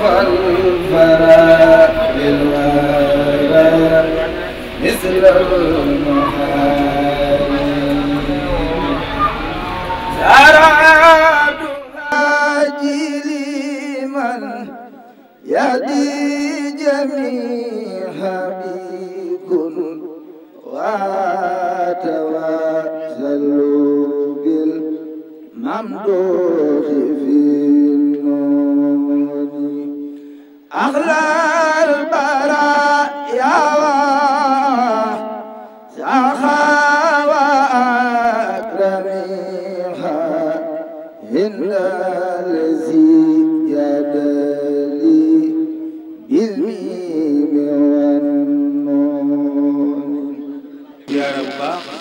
فلا للغير مثل سرادها جيلي من يدي جميع بكل وتوسل بالممدود البراء يا أغلى البرايا وساخا وأكرمها إن الذي يدلي بالميم والنون يا رب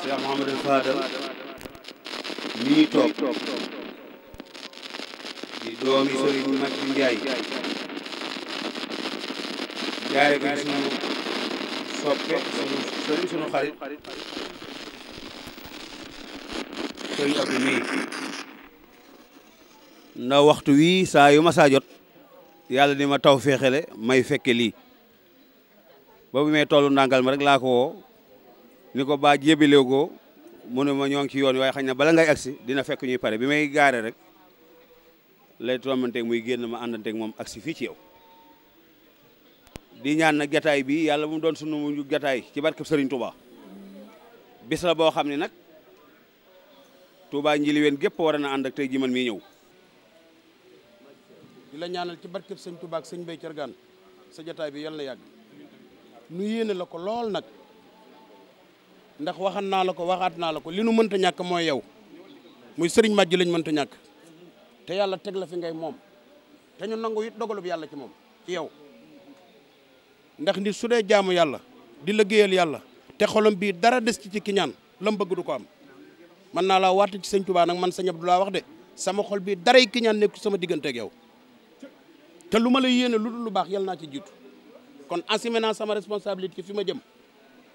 يا محمد الفاضل لي توك دي دومي سيري مكي na waxtu wii saa yu ma saa jot yàlla di ma taw féexale may fekke lii boobu may tollu ndàngal ma rek laa ko ni ko baa jébilew goo mu ma ñoo ngi ci yoon waaye xañ na bala ngay agsi dina fekk ñuy pare bi may gaare rek lay tomanteeg muy génn ma àndanteeg moom agsi fii ci yow di ñaan na jataay bi yàlla mu doon sunu muñu jataay ci barkeb sëriñ Touba bis boo xam ne nag Touba Njiliween gépp war na ànd ak tey mi ñëw di la ci barkeb sëñ Touba ak sëñ Bay Cërgaan sa jataay bi yàlla na yàgg nu yéene la ko lool nag ndax waxan naa la ko waxaat naa la ko li nu mënta ñàkk mooy yow muy sëriñ màjj lañ mënta ñàkk te yàlla teg la fi ngay moom te ñu nangu it dogalub yàlla ci moom ci yow ndax nit su dee jaamu yàlla di liggéeyal yàlla te xolam bii dara des ci ci kiñaan lam bëgg du ko am man naa laa waat ci sëñ Tuubaa nag man sëñ Abdoulaye wax de sama xol bii daray kiñaan nekk sama digganteeg yow te lu ma la yéene lu dul lu baax yàlla naa ci jiitu kon assumé naa sama responsabilité fi ma jëm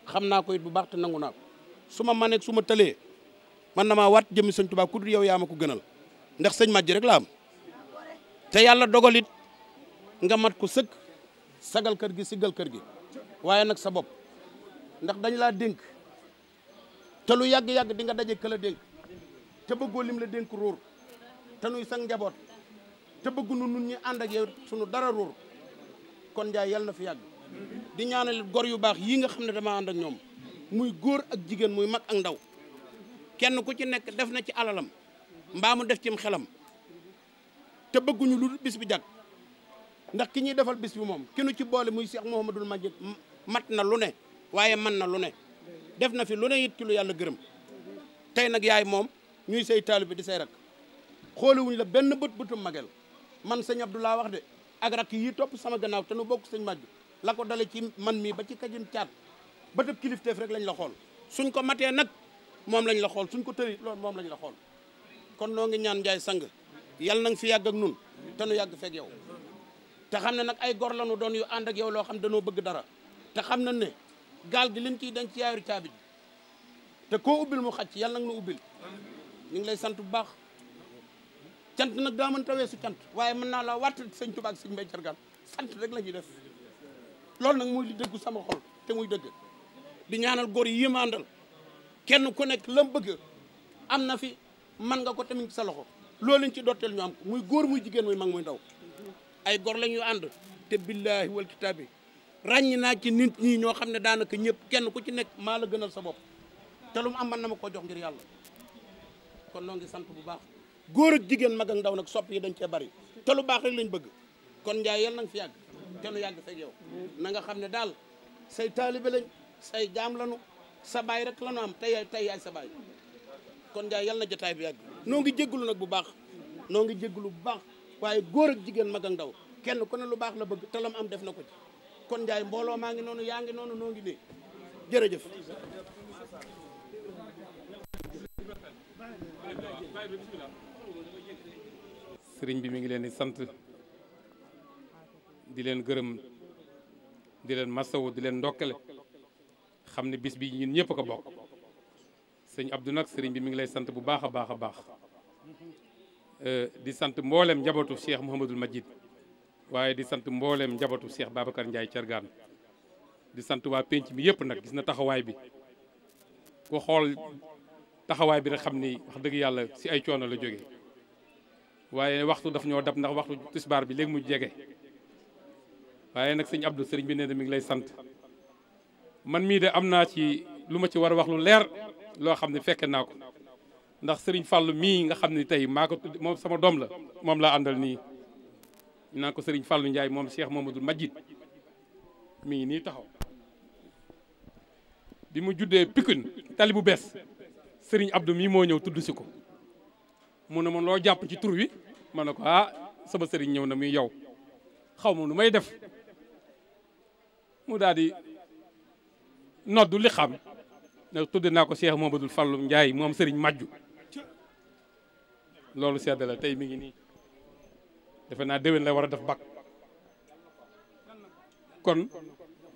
xam naa ko it bu baax te nangu naa ko su ma maneeg su ma tëlee man na maa waat jëmmi sëñ Tuubaa ku dul yow yaa ma ko gënal ndax sëñ Madji rek la am te yàlla ko sëkk sagal kër gi si siggal kër gi waaye nag sa bopp ndax dañ laa dénk te lu yàgg-yàgg di nga daje këla dénk te bëggoo lim la dénk ruur te nuy sang njaboot te bëggunu nun ñu ànd ak yow sunu dara ruur kon njaay yal na fi yàgg di ñaanal gor yu baax yii nga xam ne dama ànd ak ñoom muy góor ak jigéen muy mag ak ndaw kenn ku ci nekk def na ci alalam mbaa mu def cim xelam te bëgguñu lu bis bi jàkk ndax ki ñuy defal bis bi moom ki nu ci boole muy Cheikh Mouhamadul Majid mat na lu ne waaye man na lu ne def na fi lu ne it ci lu yàlla gërëm tey nag yaay moom ñuy say taalu bi di rek rak xooliwuñ la benn bët bëtum magel man sëñ Abdoulaye wax de ak rak yi topp sama gannaaw te nu bokk sëñ Majid la ko dale ci man mii ba ci kajin caat bëtëb kilifteef rek lañ la xool suñ ko matee nag moom lañ la xool suñ ko tëri lool moom lañu la xool kon noo ngi ñaan njaay sang yàlla na nga yàgg ak nun te yàgg fekk te xam ne nag ay gor lañu doon yu ànd ak yow loo xam danoo bëgg dara te xam na ne gaal gi liñ ciy denc ci yaaru caabi ji te ko ubbil mu xaj yàlla nag nu ubbil ñu ngi lay sant bu baax cant nag daa mën tawee su cant waaye mën naa la watt sëñ Tuubaa si sëñ Mbay Cargaan sant rek la ñuy def loolu nag muy li sama xol te muy dëgg di ñaanal góor yi yéemaandal kenn ku nekk lam bëgg am na fi man nga ko tamit ci sa loxo loolu lañ ci dotteel ñu am muy góor muy jigéen muy mag ndaw ay gor la ñu ànd te billaahi wal kitaabi ràññi naa ci nit ñi ñoo xam ne daanaka ñëpp kenn ku ci nekk maa la gënal sa bopp te lu mu am man na ma koo jox ngir yàlla kon noo ngi sant bu baax góor ak jigéen mag ak ndaw nag sopp yi dañ cee bari te lu baax rek lañ bëgg kon njaay yal nanga fi yàgg te nu yàgg fekk yow na nga xam ne daal say taalibe lañ say jaam lañu sa baay rek lañu am tey tey yaay sa baay kon njaay yal na jotaay bi yàgg noo ngi jégglu nag bu baax noo ngi jégglu bu baax waaye góor ak jigéen mag ndaw kenn ku ne lu baax la bëgg te lam am def na ko ci kon Ndiaye mbooloo maa ngi noonu yaa ngi noonu noo ngi nii jërëjëf. sëriñ bi mu ngi leen di sant di leen gërëm di leen masawu di leen ndokkale xam ne bis bi ñun ñëpp ko bokk sëñ Abdou nag sëriñ bi mi ngi lay sant bu baax a baax a baax Euh, di sant mboolem njabootu Cheikh Mouhamadul Majid waaye di sant mboolem njabootu Cheikh Babacar Ndiaye Thiergane di sant waa penc mi yépp nag gis na taxawaay bi ku xool taxawaay bi rek xam ni wax dëgg yàlla si ay coono la jóge waaye waxtu daf ñoo dab ndax waxtu tisbaar bi léegi mu jege waaye nag sëñ Abdou sëriñ bi ne na mi ngi lay sant man mii de am naa ci lu ma ci war wax lu leer loo xam ne fekke naa ko ndax Serigne Fallou mii nga xam ni tey maa ko moom sama doom la moom laa àndal nii ñu ko Serigne Fallou Ndiaye moom Cheikh Mamadou Majid mi ngi nii taxaw bi mu juddee Pikine tali bu bees Serigne Abdou mii moo ñëw tudd si ko mu ne ma loo jàpp ci tur ma ne ko ah sama sëriñ ñëw na muy yow ma nu may def mu daal di noddu li xam ne tudde naa ko Cheikh Mamadou Fallou moom sëriñ Majju loolu sedd la tey mi ngi nii defe naa déwén la war a def bag kon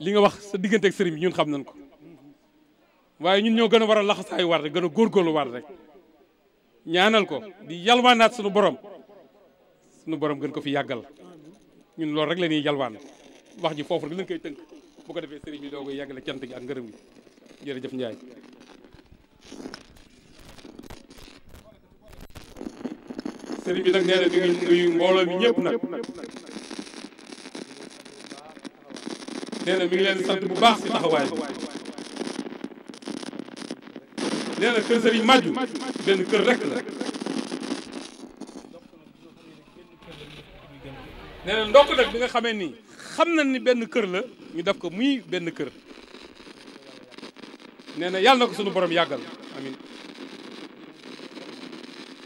li nga wax sa diggante ak sëriñ bi ñun xam nañ ko waaye ñun ñoo gën a war a laxasaayu war gën a góorgóorlu war rek ñaanal ko di yalwaanaat suñu borom suñu borom gën ko fi yàggal ñun loolu rek la ñuy yalwaan wax ji foofu rek lañ koy tënk bu ko defee sëriñ bi doo koy yàggale cant gi ak ngërëm gi jërëjëf Ndiaye. sëriñ nag nee ñëpp nag nee mi ngi leen sant bu baax si taxawaay bi nee na kër sëriñ benn kër rek la nee na ndokk nag bi nga xamee ni xam na ni benn kër la ñu def ko muy benn kër nee na yàlla na ko sunu borom yàggal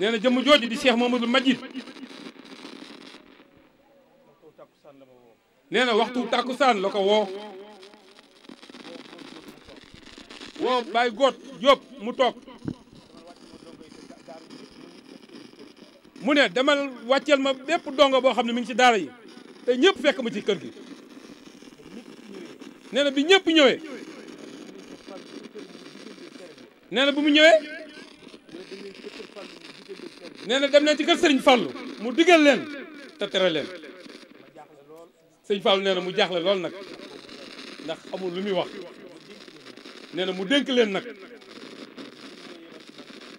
nee na jëmm jooju di seex Mamadou Majid nee na waxtu tàkkusaan la ko woo woo Baye Góot Jóob mu toog mu ne demal wàcceel ma bépp dongo boo xam ne mi ngi ci daara yi te ñëpp fekk ma ci kër gi nee bi ñëpp ñëwee nee na mu ñëwee nee na dem leen ci kër sëriñ Fallou mu diggal leen te tere leen sëñ Fallou nee na mu jaaxle lool nag ndax amul lu muy wax nee na mu dénk leen nag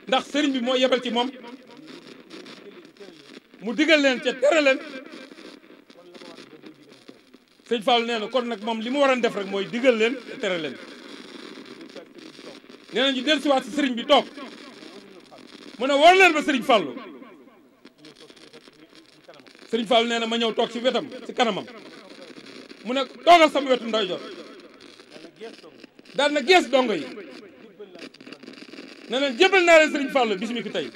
ndax sëriñ bi moo yebal ci moom mu digal leen ca tere leen sëñ Fallou nee na kon nag moom li mu waroon def rek mooy diggal leen te tere leen nee na ñu dellusiwaat si sëriñ bi toog. mu ne war leen ba Serigne Fallou Serigne Fallou nee na ma ñëw toog ci wetam ci kanamam mu ne toogal sama wetu ndoy jot daal na gees dongo yi ne leen jébal naa leen Serigne Fallou bis mi ki tey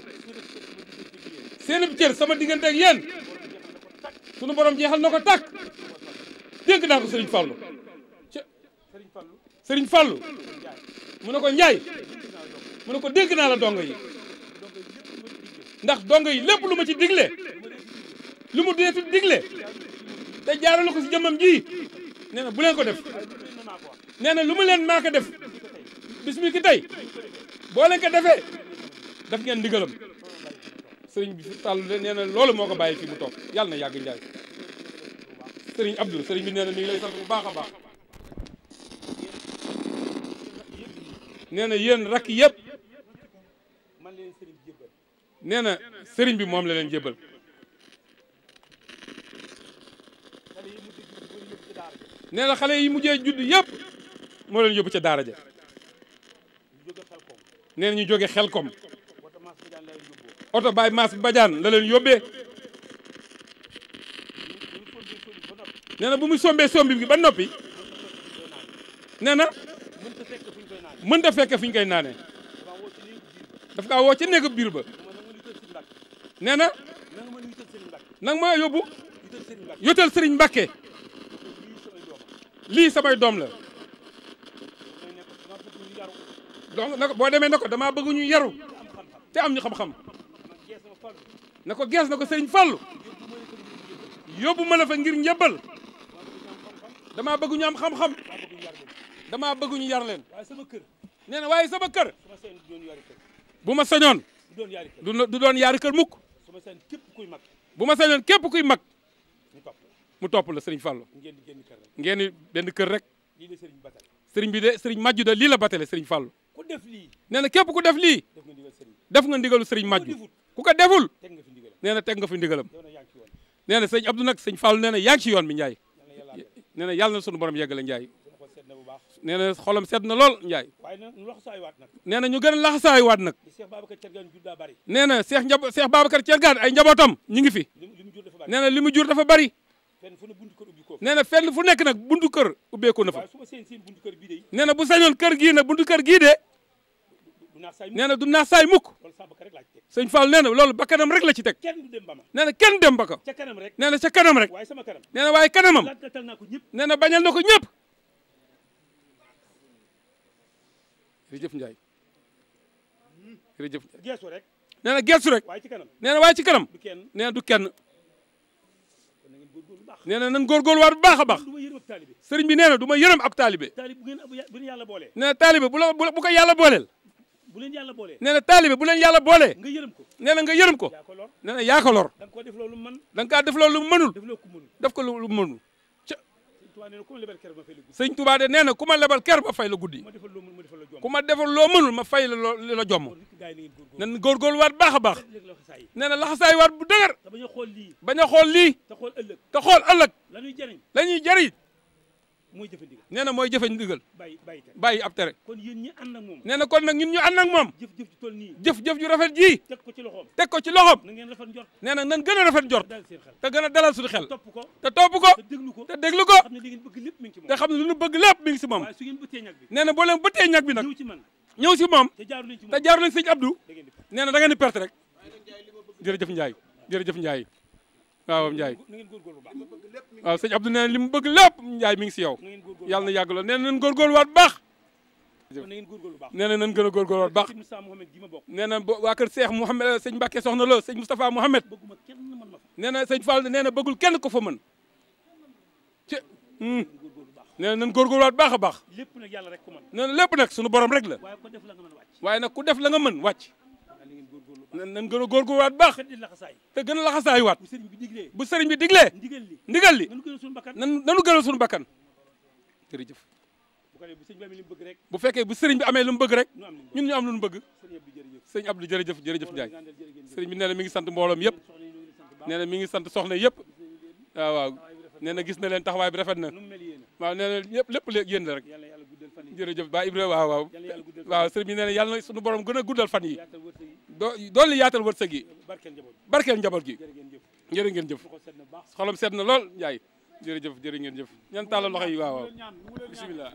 seen cër sama diggante ak sunu borom jeexal na ko tàkk dénk naa ko sëriñ Fallou sëriñ Fallou mu ne ko Njaay mu ne ko dénk naa la dongo yi. ndax dongo yi lépp lu ma ci digle lu mu dee fi digle te jaaralu ko si jëmmam ji nee na bu leen ko def nee na lu mu leen maa def bis mi ki tey boo leen ko defee daf ngeen ndigalam sëriñ bi tàllu de nee na loolu moo ko bàyyi mu toog yàlla na yàgg njaay sëriñ Abdou sëriñ bi nee na mi ngi lay sant bu baax a baax nee na yéen rakk yëpp Nena serigne bi mom la len jébbal nee xalé yi mujjé judd yépp mo len yobu ci daara ja nee ñu joggé xelkom oto baay maas badian la len yobé nee bu muy sombé sombi bi ba nopi nee mën ta fekk fi koy nané daf kaa wo ci néegu biir ba nee na nanga ma yóbbu yóotal sëriñ Mbacke lii samay doom la donc na boo demee na ko damaa bëgg ñu yaru te am ñu xam-xam na ko gees na ko Serigne Fallou yóbbu ma la fa ngir njëbbal damaa bëgg ñu am xam-xam damaa bëgg ñu yar leen nee na waaye sama kër bu ma sañoon du doon yaari kër mukk ma seen képp kuy mag. bu ma seen képp kuy mag. mu topp la sëriñ Fallou. ngeen di génn kër rek. ngeen di benn kër rek. lii la sëriñ batale. sëriñ bi de sëriñ Majju de lii la batale sëriñ Fallou. ku def lii. nee na ku def lii. def nga ndigalu sëriñ Majju. ku ko deful. nee na teg nga fi ndigalam. nee na sëñ Abdou nag sëñ Fallou nee na yaa ngi ci yoon bi Ndiaye. nee na yàlla na sunu borom yeggale Ndiaye. sedd na bu baax nee na xolam sedd na lool Ndiaye waaye nag ñu gën a laxasaay waat nag Cheikh bari nee na Cheikh njab Cheikh Babacar Thiergane ay njabootam ñu ngi fi li mu jur dafa bari nee na li mu jur dafa bari fenn fu ne buntu kër ubbi ko nee na fenn fu nekk nag buntu kër ubbeeku na buntu kër bii de nee na na du naax saay Fall nee na loolu rek la ci teg nee na kenn dem ba ko nee kanam rek nee na kanamam nee bañal na ko jërëjëf Ndiaye jërëjëf Ndiaye geesu rek nee na geesu rek waaye ci kanam nee na waaye ci kanam nee du kenn nee na nan góorgóorlu waat baax a baax sëriñ bi nee na du ma yërëm ab taalibe nee na taalibe bu la bu ko yàlla booleel nee na taalibe bu leen yàlla boolee nga yërëm ko nee na yaa ko lor da nga kaa def loo lu mënul def ko lu mënul sëñ Touba de nee na ku ma lebal ker ba fay la guddi ku ma defal loo mënul ma fay la loo li la jomm nan baax baax nee laxasaay waat bu dëgër bañ xool lii te xool ëllëg la ñuy mooy jëfe ndigal nee na mooy jëfe ndigal bàyyi bàyyi tere bàyyi ab tere kon yéen ñi ànd ak moom nee na kon nag ñun ñu ànd ak moom jëf jëf ju toll nii jëf jëf rafet ji teg ko ci loxoom teg ko ci loxoom na ngeen rafet njort nee na nan gën a rafet njort te gën a dalal suñu xel topp ko te topp ko te déglu ko te déglu ko te xam ne lu ñu bëgg lépp mi ngi si moom su ngeen bëttee ñag bi nee na boo leen bëttee ñag bi nag ñëw si moom te jaaru leen sëñ Abdou nee na da ngeen di perte rek jërëjëf Ndiaye jërëjëf Ndiaye waaw Ndiaye waaw sëñ Abdou nee na li mu bëgg lépp Ndiaye mi ngi si yow yàlla na yàgg lool nee na nañ góorgóorluwaat bu baax nee na nañ gën a góorgóorluwaat baax nee na waa kër Cheikh Mouhamed sëñ Mbacke soxna loo sëñ Moustapha Mouhamed nee na sëñ Fall nee na bëggul kenn ko fa mën ci hmm. nee na nañ góorgóorluwaat baax a baax nee na lépp nag sunu borom rek la waaye nag ku def la nga mën wàcc nan gën a góorgóorluwaat bu baax te gën a laxasaay waat bu sëriñ bi diglee ndigal li nan nanu gënal suñu bakkan jërëjëf bu fekkee bu sëriñ bi amee lu mu bëgg rek ñun ñu am lu mu bëgg sëriñ Abdou jërëjëf jërëjëf Ndiaye sëriñ bi nee mi ngi sant mbooloom yëpp nee mi ngi sant soxna yëpp waaw gis na leen taxawaay bi rafet na waaw nee la rek jërëjëf ba Ibrahima waaw waaw waaw sëriñ bi nee na yàlla na suñu borom gën a guddal fan yi doo doolu yaatal wërsëg yi barkeel njaboot gi jërë ngeen jëf xolam sedd na lool Ndiaye jërëjëf jërë ngeen jëf ñan tàllal loxo yi waaw waaw bisimilah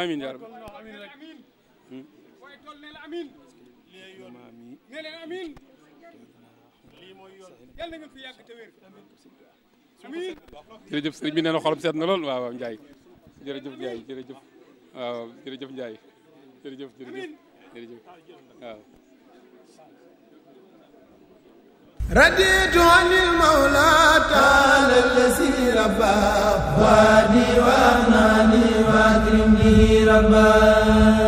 amin yaa rabbi hmm? jërëjëf sëriñ bi nee na xolam sedd na lool waaw waaw Ndiaye jërëjëf Ndiaye jërëjëf waaw jërëjëf Ndiaye jërëjëf jërëjëf jërëjëf waaw رضيت عن المولى تعالى الذي ربى وادي واغناني واكرمني رباه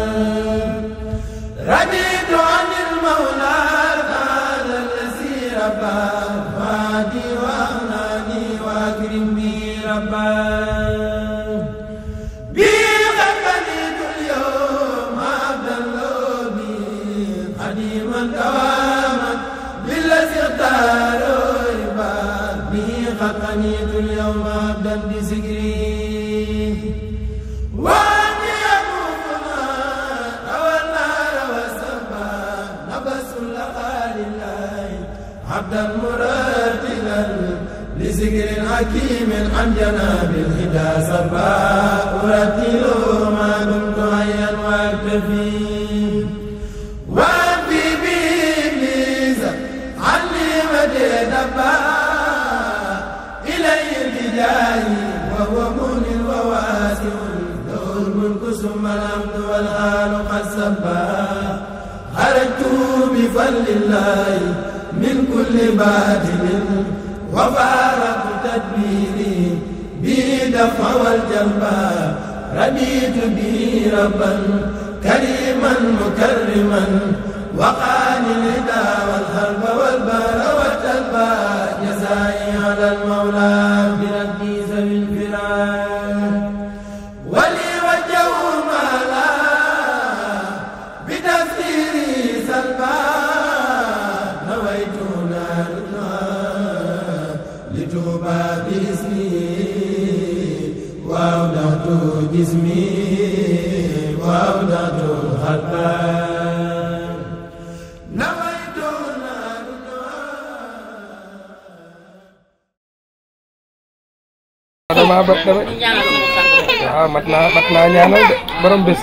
قديما دواما بالذي اختار عباد به خلقنيت اليوم عبدا بذكري وأني يقوفنا روى النار وسبا نبس لقال الله عبدا مرتلا لذكر حكيم عن جناب الهدى سبا أرتل ما دمت حيا وأكتفي باطل وفارق تدبيري بي دفع رديت به ربا كريما مكرما وقاني الهدى والهرب والبلاء dama ba dama waaw mat naa mat borom bés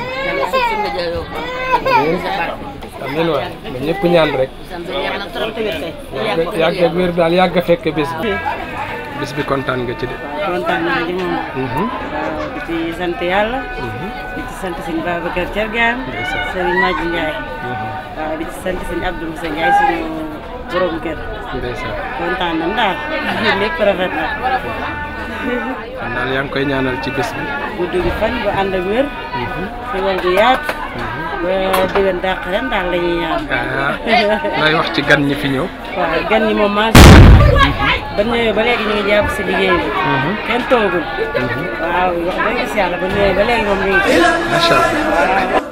amin waay ñaan rek fekk bis bi kontaan nga ci de di ci sant mhm. di ci sant sëñ Babacar Thiergane di ci sant sëñ Abdou Moussa Ndiaye suñu borom na daal lépp rafet na kon daal yaa ngi koy ñaanal ci bés bi. guddi gi fan bu ànd ak wér. xéwal mhm. gu yaatu. Mhm. ba déwén dàq ren daal la ñaan. Ah, lay wax ci gan ñi fi ñëw. waaw gan ñi moom maa mhm. ba ñëwee ba léegi ñu jàpp si liggéey bi. kenn toogul. waaw wax dëgg si yàlla ba ñëwee ba léegi moom ñu ngi ci. macha allah.